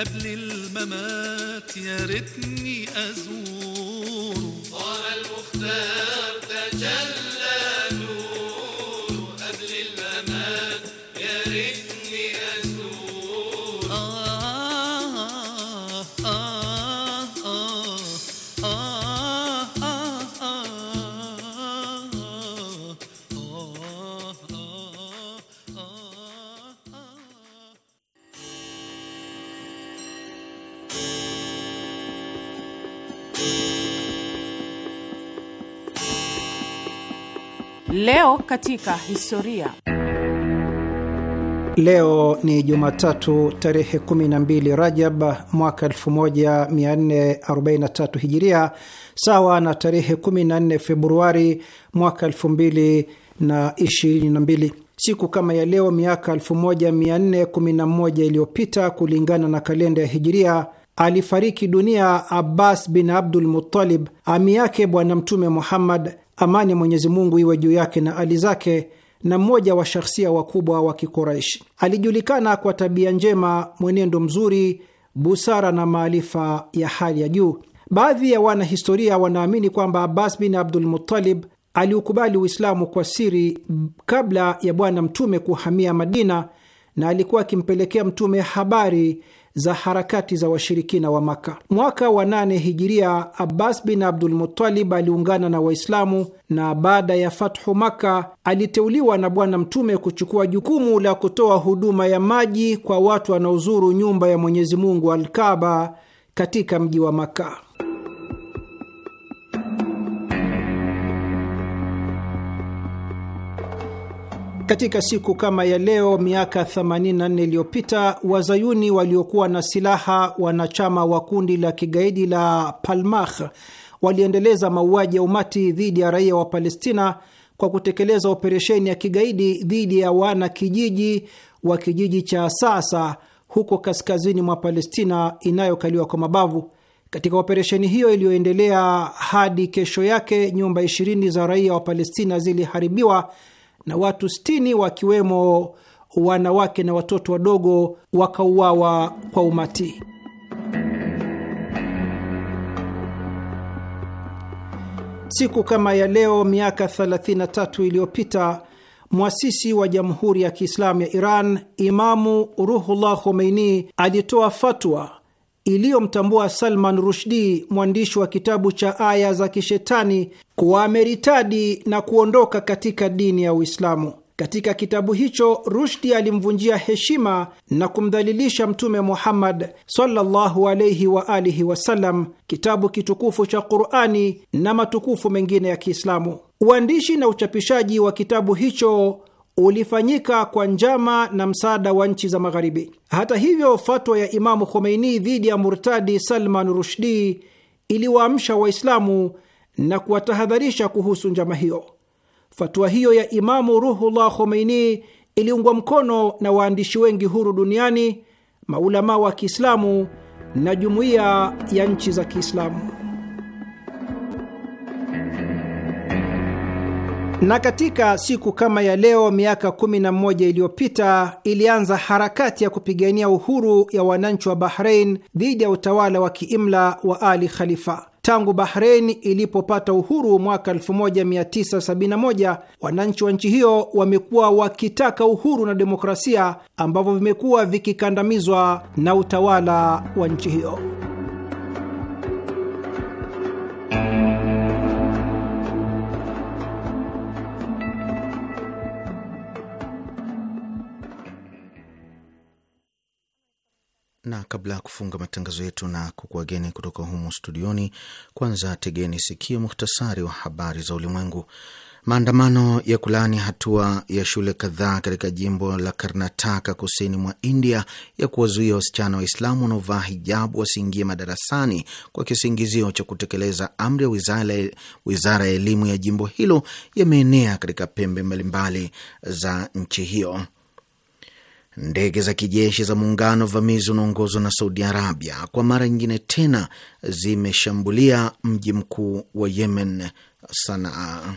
قبل الممات يا ريتني أزوره صار
المختار تجلى
Leo katika historia.
Leo ni Jumatatu tarehe 12 Rajab mwaka 1443 Hijiria, sawa na tarehe 14 Februari mwaka 2022. Siku kama ya leo miaka 1411 iliyopita kulingana na kalenda ya Hijiria alifariki dunia Abbas bin Abdul Muttalib, ami yake Bwana Mtume Muhammad amani ya Mwenyezi Mungu iwe juu yake na ali zake, na mmoja wa shahsia wakubwa wa kikuraishi Alijulikana kwa tabia njema, mwenendo mzuri, busara na maarifa ya hali ya juu. Baadhi ya wanahistoria wanaamini kwamba Abbas bin Abdul Muttalib aliukubali Uislamu kwa siri kabla ya Bwana Mtume kuhamia Madina, na alikuwa akimpelekea Mtume habari za harakati za washirikina wa Maka. Mwaka wa nane hijiria, Abbas bin Abdul Muttalib aliungana na Waislamu na baada ya fathu Maka aliteuliwa na Bwana Mtume kuchukua jukumu la kutoa huduma ya maji kwa watu wanaozuru nyumba ya Mwenyezi Mungu Alkaba katika mji wa Maka. Katika siku kama ya leo miaka 84 iliyopita wazayuni waliokuwa na silaha wanachama wa kundi la kigaidi la Palmach waliendeleza mauaji ya umati dhidi ya raia wa Palestina kwa kutekeleza operesheni ya kigaidi dhidi ya wana kijiji wa kijiji cha sasa huko kaskazini mwa Palestina inayokaliwa kwa mabavu. Katika operesheni hiyo iliyoendelea hadi kesho yake, nyumba 20 za raia wa Palestina ziliharibiwa na watu 60 wakiwemo wanawake na watoto wadogo wakauawa kwa umati. Siku kama ya leo miaka 33 iliyopita mwasisi wa Jamhuri ya Kiislamu ya Iran Imamu Ruhullah Khomeini alitoa fatwa iliyomtambua Salman rushdi mwandishi wa kitabu cha Aya za Kishetani, kuwa ameritadi na kuondoka katika dini ya Uislamu. Katika kitabu hicho Rushdi alimvunjia heshima na kumdhalilisha Mtume Muhammad sallallahu alayhi wa alihi wasallam, kitabu kitukufu cha Qurani na matukufu mengine ya Kiislamu. Uandishi na uchapishaji wa kitabu hicho ulifanyika kwa njama na msaada wa nchi za Magharibi. Hata hivyo, fatwa ya Imamu Khomeini dhidi ya murtadi Salman Rushdi iliwaamsha Waislamu na kuwatahadharisha kuhusu njama hiyo. Fatua hiyo ya Imamu Ruhullah Khomeini iliungwa mkono na waandishi wengi huru duniani, maulamaa wa Kiislamu na jumuiya ya nchi za Kiislamu. Na katika siku kama ya leo miaka 11 iliyopita ilianza harakati ya kupigania uhuru ya wananchi wa Bahrein dhidi ya utawala wa kiimla wa Ali Khalifa. Tangu Bahrein ilipopata uhuru mwaka 1971 wananchi wa nchi hiyo wamekuwa wakitaka uhuru na demokrasia ambavyo vimekuwa vikikandamizwa na utawala wa nchi hiyo.
na kabla ya kufunga matangazo yetu na kukuageni kutoka humo studioni, kwanza tegeni sikio muhtasari wa habari za ulimwengu. Maandamano ya kulaani hatua ya shule kadhaa katika jimbo la Karnataka kusini mwa India ya kuwazuia wasichana Waislamu wanaovaa hijabu wasiingie madarasani kwa kisingizio cha kutekeleza amri ya wizara ya elimu ya jimbo hilo yameenea katika pembe mbalimbali za nchi hiyo. Ndege za kijeshi za muungano vamizi unaongozwa na Saudi Arabia kwa mara nyingine tena zimeshambulia mji mkuu wa Yemen, Sanaa.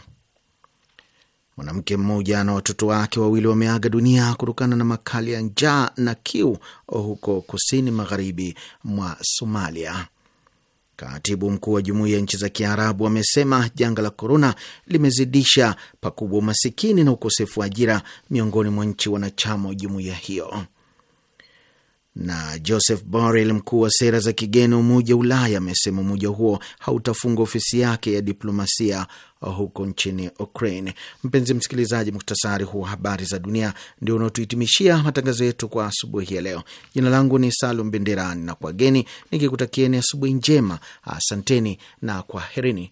Mwanamke mmoja na watoto wake wawili wameaga dunia kutokana na makali ya njaa na kiu huko kusini magharibi mwa Somalia. Katibu mkuu wa jumuiya ya nchi za Kiarabu amesema janga la korona limezidisha pakubwa umasikini na ukosefu wa ajira miongoni mwa nchi wanachama wa jumuiya hiyo. Na Joseph Borrell, mkuu wa sera za kigeni Umoja wa Ulaya, amesema umoja huo hautafunga ofisi yake ya diplomasia huko nchini Ukraine. Mpenzi msikilizaji, muktasari huu habari za dunia ndio unaotuhitimishia matangazo yetu kwa asubuhi ya leo. Jina langu ni Salum Benderani na kwa geni nikikutakieni asubuhi njema. Asanteni na kwaherini.